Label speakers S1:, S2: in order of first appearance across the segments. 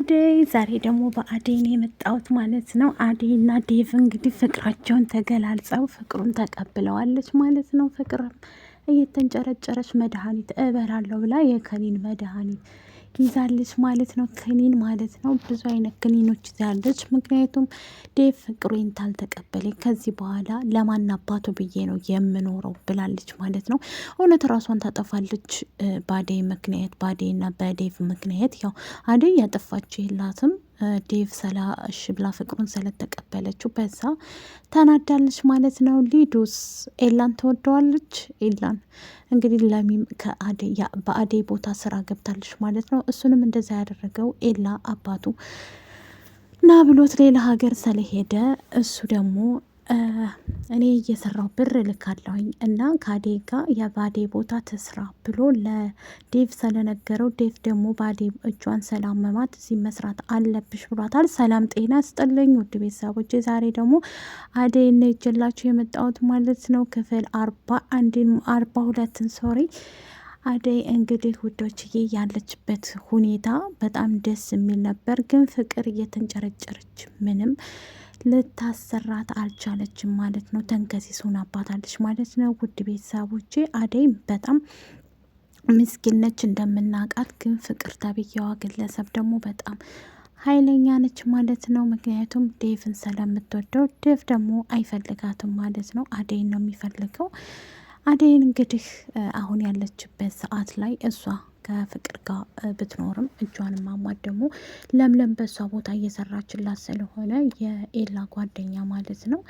S1: አደይ ዛሬ ደግሞ በአዴን የመጣሁት ማለት ነው። አደይ እና ዴቭ እንግዲህ ፍቅራቸውን ተገላልጸው ፍቅሩን ተቀብለዋለች ማለት ነው። ፍቅርም እየተንጨረጨረች መድኃኒት እበላለሁ ብላ የከኒን መድኃኒት ይዛለች ማለት ነው። ክኒን ማለት ነው። ብዙ አይነት ክኒኖች ይዛለች። ምክንያቱም ዴቭ ፍቅሬን ታልተቀበለኝ ከዚህ በኋላ ለማን አባቱ ብዬ ነው የምኖረው ብላለች ማለት ነው። እውነት ራሷን ታጠፋለች ባዴ ምክንያት፣ በአደይና በዴቭ ምክንያት ያው አደይ ያጠፋችው የላትም ዴቭ ሰላ እሺ ብላ ፍቅሩን ስለተቀበለችው በዛ ተናዳለች ማለት ነው። ሊዱስ ኤላን ተወደዋለች። ኤላን እንግዲህ ለሚም በአዴ ቦታ ስራ ገብታለች ማለት ነው። እሱንም እንደዛ ያደረገው ኤላ አባቱ ና ብሎት ሌላ ሀገር ስለሄደ እሱ ደግሞ እኔ እየሰራው ብር እልካለሁኝ እና ከአዴ ጋር የባዴ ቦታ ትስራ ብሎ ለዴቭ ስለነገረው ዴቭ ደግሞ ባዴ እጇን ሰላም መማት እዚህ መስራት አለብሽ ብሏታል። ሰላም ጤና ስጥልኝ ውድ ቤተሰቦች፣ ዛሬ ደግሞ አዴን ይዤላችሁ የመጣሁት ማለት ነው ክፍል አርባ አንድን አርባ ሁለትን ሶሪ አደይ እንግዲህ ውዶችዬ ያለችበት ሁኔታ በጣም ደስ የሚል ነበር፣ ግን ፍቅር እየተንጨረጨረች ምንም ልታሰራት አልቻለችም ማለት ነው። ተንከሲሱን አባታለች ማለት ነው። ውድ ቤተሰቦቼ አደይም በጣም ምስኪን ነች እንደምናውቃት፣ ግን ፍቅር ተብዬዋ ግለሰብ ደግሞ በጣም ኃይለኛ ነች ማለት ነው። ምክንያቱም ዴቭን ስለምትወደው ዴቭ ደግሞ አይፈልጋትም ማለት ነው። አደይን ነው የሚፈልገው። አደይን እንግዲህ አሁን ያለችበት ሰዓት ላይ እሷ ከፍቅር ጋር ብትኖርም እጇን ማሟት ደግሞ ለምለም በሷ ቦታ እየሰራችላት ስለሆነ የኤላ ጓደኛ ማለት ነው።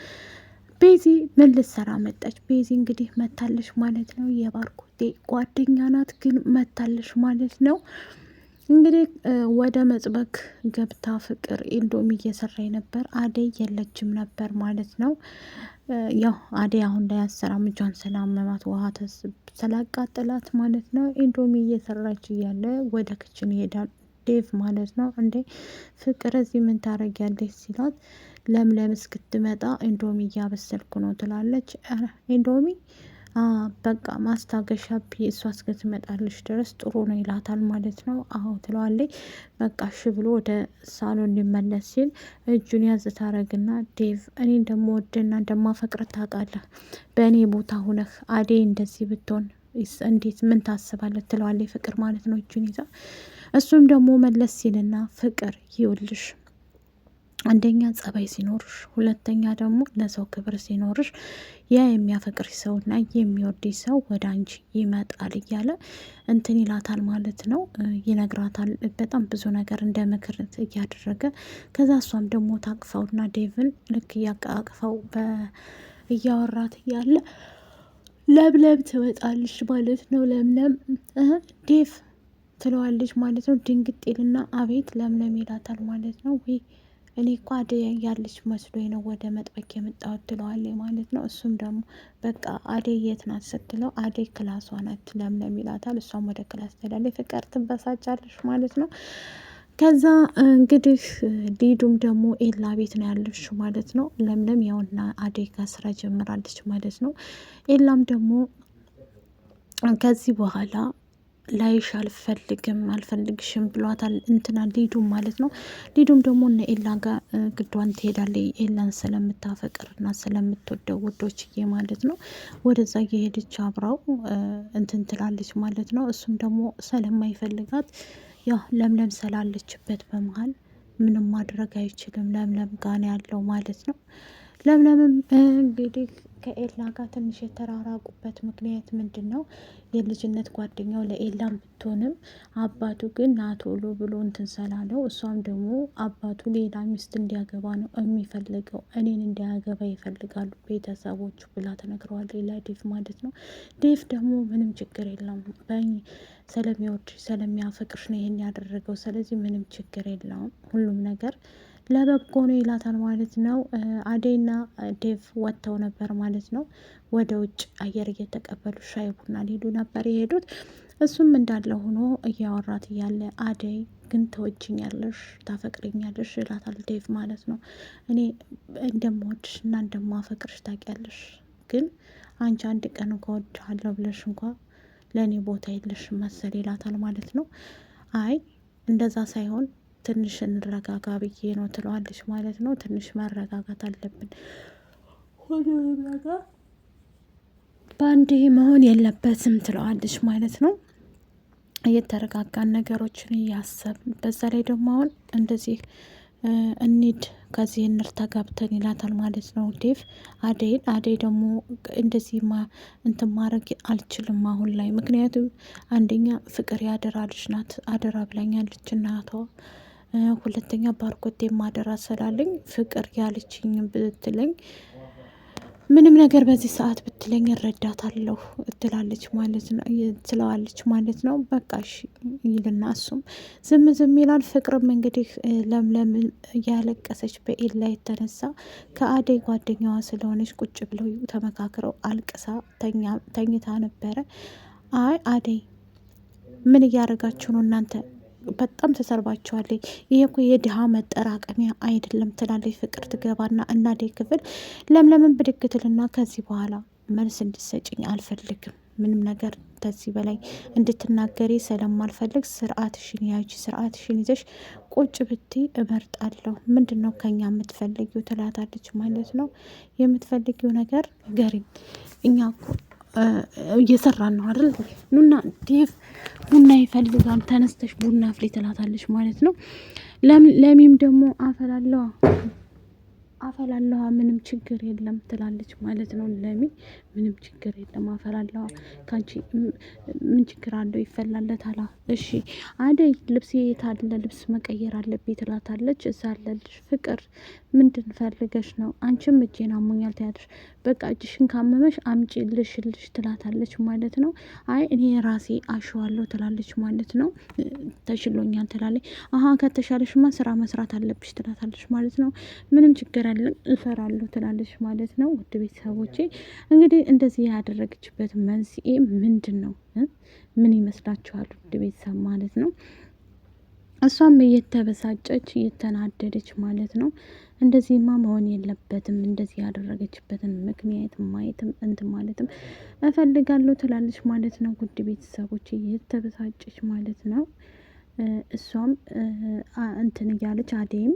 S1: ቤዚ ምን ልትሰራ መጣች? ቤዚ እንግዲህ መታለሽ ማለት ነው። የባርኮቴ ጓደኛ ናት፣ ግን መታለሽ ማለት ነው። እንግዲህ ወደ መጽበክ ገብታ ፍቅር ኢንዶሚ እየሰራ ነበር። አደይ የለችም ነበር ማለት ነው። ያው አደይ አሁን ላይ አሰራም እጇን ስላመማት ውሃ ስላቃጠላት ማለት ነው። ኢንዶሚ እየሰራች እያለ ወደ ክችን ይሄዳል ዴቭ ማለት ነው። እንዴ ፍቅር እዚህ ምን ታረጊያለች ሲላት ለምለም እስክትመጣ ኢንዶሚ እያበሰልኩ ነው ትላለች። ኢንዶሚ በቃ ማስታገሻ ብዬ እሷ እስክትመጣልሽ ድረስ ጥሩ ነው ይላታል ማለት ነው። አዎ ትለዋለች። በቃ እሺ ብሎ ወደ ሳሎን ሊመለስ ሲል እጁን ያዝ ታረግና ዴቭ፣ እኔ እንደምወድና እንደማፈቅር ታውቃለህ። በእኔ ቦታ ሁነህ አዴ እንደዚህ ብትሆን እንዴት ምን ታስባለህ? ትለዋለች ፍቅር ማለት ነው እጁን ይዛ እሱም ደግሞ መለስ ሲልና ፍቅር ይውልሽ አንደኛ ጸባይ ሲኖርሽ፣ ሁለተኛ ደግሞ ለሰው ክብር ሲኖርሽ ያ ሰው ና የሚወድ ሰው ወደ አንቺ ይመጣል እያለ እንትን ይላታል ማለት ነው፣ ይነግራታል። በጣም ብዙ ነገር እንደ ምክር እያደረገ ከዛ እሷም ደግሞ ታቅፈውና ዴቭን ልክ እያቀቅፈው እያወራት እያለ ለምለም ትመጣለች ማለት ነው። ለምለም ዴቭ ትለዋለች ማለት ነው። ድንግጤልና አቤት ለምለም ይላታል ማለት ነው። እኔ እኮ አደይ ያለች መስሎኝ ነው ወደ መጥበቅ የመጣሁት ትለዋለች ማለት ነው። እሱም ደግሞ በቃ አደይ የት ናት ስትለው አደይ ክላሷ ናት ለምለም ይላታል። እሷም ወደ ክላስ ትሄዳለች። ፍቅር ትበሳጫለች ማለት ነው። ከዛ እንግዲህ ሊዱም ደግሞ ኤላ ቤት ነው ያለች ማለት ነው። ለምለም ያውና አደይ ጋር ስራ ጀምራለች ማለት ነው። ኤላም ደግሞ ከዚህ በኋላ ላይሽ አልፈልግም አልፈልግሽም ብሏታል። እንትና ሊዱም ማለት ነው። ሊዱም ደግሞ እነ ኤላ ጋር ግዷን ትሄዳለ ኤላን ስለምታፈቅርና ስለምትወደው ውዶችዬ ማለት ነው። ወደዛ እየሄደች አብራው እንትን ትላለች ማለት ነው። እሱም ደግሞ ስለማይፈልጋት ያ ለምለም ስላለችበት በመሀል ምንም ማድረግ አይችልም። ለምለም ጋን ያለው ማለት ነው። ለምለምም እንግዲህ ከኤላ ጋር ትንሽ የተራራቁበት ምክንያት ምንድን ነው? የልጅነት ጓደኛው ለኤላም ብትሆንም አባቱ ግን ናቶሎ ብሎ እንትን ስላለው እሷም ደግሞ አባቱ ሌላ ሚስት እንዲያገባ ነው የሚፈልገው፣ እኔን እንዲያገባ ይፈልጋሉ ቤተሰቦቹ ብላ ተነግረዋል። ሌላ ዴፍ ማለት ነው። ዴፍ ደግሞ ምንም ችግር የለውም በኝ ስለሚወድ ስለሚያፈቅርሽ ነው ይሄን ያደረገው። ስለዚህ ምንም ችግር የለውም ሁሉም ነገር ለበጎ ነው ይላታል ማለት ነው። አደይና ዴቭ ወጥተው ነበር ማለት ነው። ወደ ውጭ አየር እየተቀበሉ ሻይ ቡና ሊሉ ነበር የሄዱት። እሱም እንዳለ ሆኖ እያወራት እያለ አደይ ግን ተወጅኛለሽ፣ ታፈቅርኛለሽ ይላታል ዴቭ ማለት ነው። እኔ እንደምወድሽ እና እንደማፈቅርሽ ታውቂያለሽ፣ ግን አንቺ አንድ ቀን እንኳ ወድሃለሁ ብለሽ እንኳ ለእኔ ቦታ የለሽ መሰል ይላታል ማለት ነው። አይ እንደዛ ሳይሆን ትንሽ እንረጋጋ ብዬ ነው ትለዋለች ማለት ነው። ትንሽ መረጋጋት አለብን። በአንዴ መሆን የለበትም ትለዋለች ማለት ነው። እየተረጋጋን ነገሮችን እያሰብን በዛ ላይ ደግሞ አሁን እንደዚህ እንሂድ ከዚህ እንርታ ጋብተን ይላታል ማለት ነው። ዴቭ አደይን አደይ ደግሞ እንደዚህ እንትን ማድረግ አልችልም አሁን ላይ ምክንያቱም አንደኛ ፍቅር ያደራልች ልጅ ናት። አደራ ብላኛለች እናቷ ሁለተኛ ባርኮቴ ማደራ ስላለኝ ፍቅር ያለችኝ ብትለኝ ምንም ነገር በዚህ ሰዓት ብትለኝ እረዳታለሁ ትላለች ማለት ነው ትለዋለች ማለት ነው። በቃ እሺ ይልና እሱም ዝም ዝም ይላል። ፍቅርም እንግዲህ ለምለም እያለቀሰች ላይ የተነሳ ከአደይ ጓደኛዋ ስለሆነች ቁጭ ብለው ተመካክረው አልቅሳ ተኝታ ነበረ። አይ አደይ ምን እያደረጋችሁ ነው እናንተ በጣም ተሰርባቸዋለች። ይሄ እኮ የድሃ መጠራቀሚያ አይደለም ትላለች ፍቅር ትገባና እናዴ ክፍል ለምለምን ብድግትልና ከዚህ በኋላ መልስ እንዲሰጭኝ አልፈልግም ምንም ነገር ከዚህ በላይ እንድትናገሪ ስለማልፈልግ ስርዓትሽን ያዥ፣ ስርዓትሽን ይዘሽ ቁጭ ብቲ እመርጣለሁ። ምንድን ነው ከኛ የምትፈልጊው? ትላታለች ማለት ነው። የምትፈልጊው ነገር ገሪም እኛ እየሰራን ነው አይደል? ኑና ዴቭ ቡና ይፈልጋል። ተነስተሽ ቡና ፍሌ ትላታለች ማለት ነው። ለሚም ደግሞ አፈላለዋ አፈላለዋ ምንም ችግር የለም ትላለች ማለት ነው። ለሚ ምንም ችግር የለም አፈላለዋ ከአንቺ ምን ችግር አለው? አላ። እሺ አደይ ልብስ የታለ? ልብስ መቀየር አለብኝ ትላታለች። እዛ አለልሽ ፍቅር ምንድን ፈልገሽ ነው? አንቺም እጄን አሞኛል ትያለሽ። በቃ እጅሽን ካመመሽ አምጪ ልሽልሽ ትላታለች ማለት ነው። አይ እኔ ራሴ አሸዋለሁ ትላለች ማለት ነው። ተሽሎኛል ትላለች። አሀ ከተሻለሽማ ስራ መስራት አለብሽ ትላታለች ማለት ነው። ምንም ችግር ያለን እፈራለሁ ትላለች ማለት ነው። ውድ ቤተሰቦቼ እንግዲህ እንደዚህ ያደረገችበት መንስኤ ምንድን ነው? ምን ይመስላችኋል? ውድ ቤተሰብ ማለት ነው እሷም እየተበሳጨች እየተናደደች ማለት ነው። እንደዚህማ መሆን የለበትም እንደዚህ ያደረገችበትን ምክንያት ማየትም እንትን ማለትም እፈልጋለሁ ትላለች ማለት ነው። ጉድ ቤተሰቦች እየተበሳጨች ማለት ነው። እሷም እንትን እያለች አደይም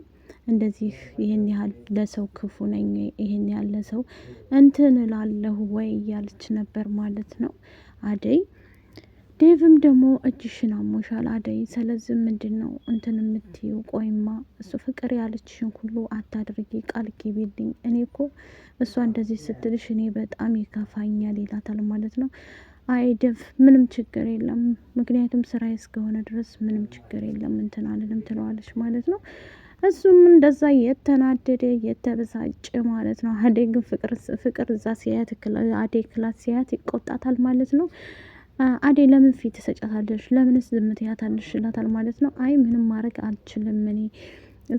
S1: እንደዚህ ይህን ያህል ለሰው ክፉ ነኝ፣ ይህን ያህል ለሰው እንትን እላለሁ ወይ እያለች ነበር ማለት ነው አደይ ዴቭም ደግሞ እጅሽን አሞሻል አደይ፣ ስለዚህ ምንድን ነው እንትን የምትዩ? ቆይማ እሱ ፍቅር ያለችሽን ሁሉ አታድርጊ፣ ቃል ግቢልኝ። እኔ እኮ እሷ እንደዚህ ስትልሽ እኔ በጣም ይከፋኛል ይላታል ማለት ነው። አይ ደፍ ምንም ችግር የለም ምክንያቱም ስራ እስከሆነ ድረስ ምንም ችግር የለም እንትን አልልም ትለዋለች ማለት ነው። እሱም እንደዛ የተናደደ የተበሳጨ ማለት ነው። አደይ ግን ፍቅር ፍቅር እዛ ሲያያት አዴ ክላስ ሲያት ይቆጣታል ማለት ነው። አዴ ለምን ፊት ትሰጫታለሽ? ለምንስ ዝም ትያታለሽ? ይላታል ማለት ነው። አይ ምንም ማድረግ አልችልም እኔ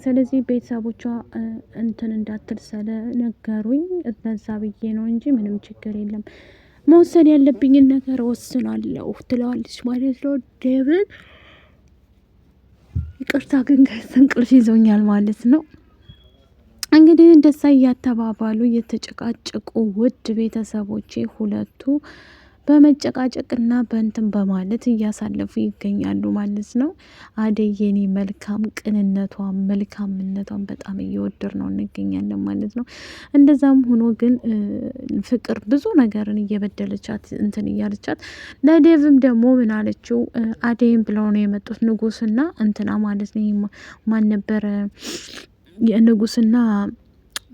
S1: ስለዚህ ቤተሰቦቿ እንትን እንዳትል ስለ ነገሩኝ በዛ ብዬ ነው እንጂ ምንም ችግር የለም። መወሰን ያለብኝን ነገር ወስናለሁ ትለዋለች ማለት ነው። ደብል ይቅርታ ግን ከእንቅልፍ ይዞኛል ማለት ነው። እንግዲህ እንደዛ እያተባባሉ እየተጨቃጨቁ ውድ ቤተሰቦቼ ሁለቱ በመጨቃጨቅና በእንትን በማለት እያሳለፉ ይገኛሉ ማለት ነው። አደይ የኔ መልካም ቅንነቷ መልካምነቷን በጣም እየወደር ነው እንገኛለን ማለት ነው። እንደዛም ሆኖ ግን ፍቅር ብዙ ነገርን እየበደለቻት እንትን እያለቻት ለዴቭም ደግሞ ምን አለችው? አደይም ብለው ነው የመጡት ንጉስና እንትና ማለት ነው። ማን ነበረ ንጉስና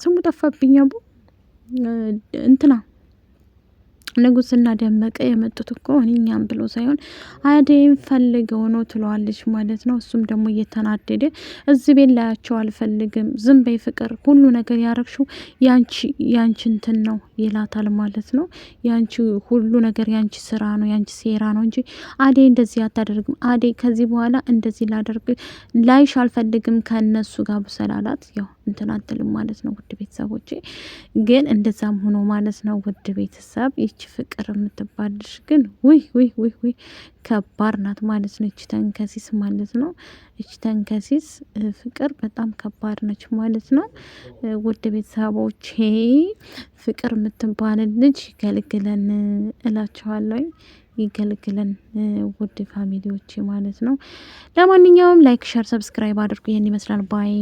S1: ስሙ ጠፋብኝ። እንትና ንጉስና ደመቀ የመጡት እኮ እኛም ብሎ ሳይሆን አደይም ፈልገው ነው ትለዋለች ማለት ነው። እሱም ደግሞ እየተናደደ እዚህ ቤት ላያቸው አልፈልግም፣ ዝም በይ ፍቅር፣ ሁሉ ነገር ያረግሽው ያንቺ ያንቺ እንትን ነው ይላታል ማለት ነው። ያንቺ ሁሉ ነገር ያንቺ ስራ ነው፣ ያንቺ ሴራ ነው እንጂ አደይ እንደዚህ አታደርግም። አደይ ከዚህ በኋላ እንደዚህ ላደርግ ላይሽ አልፈልግም ከእነሱ ጋር ብሰላላት ያው እንትን አትልም ማለት ነው። ውድ ቤተሰቦቼ ግን እንደዛም ሆኖ ማለት ነው ውድ ቤተሰብ ይቺ ፍቅር የምትባልሽ ግን ውይ ውይ ውይ ውይ ከባድ ናት ማለት ነው። ይቺ ተንከሲስ ማለት ነው። ይቺ ተንከሲስ ፍቅር በጣም ከባድ ነች ማለት ነው። ውድ ቤተሰቦቼ ፍቅር የምትባል ልጅ ይገልግለን እላችኋለሁ። ይገልግለን ውድ ፋሚሊዎቼ ማለት ነው። ለማንኛውም ላይክ፣ ሸር፣ ሰብስክራይብ አድርጉ። ይህን ይመስላል ባይ